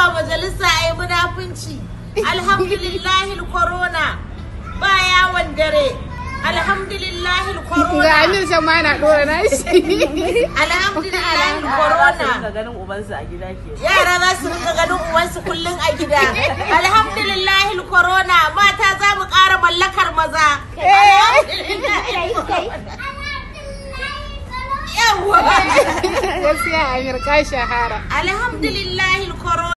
zuwa majalisa a yi munafunci alhamdulillahi corona ba yawon dare corona ga na dora na shi corona ganin ubansu a gida ke yara za su rika ganin ubansu a gida corona mata za mu mallakar maza eh. yawwa gaskiya amir ka shahara corona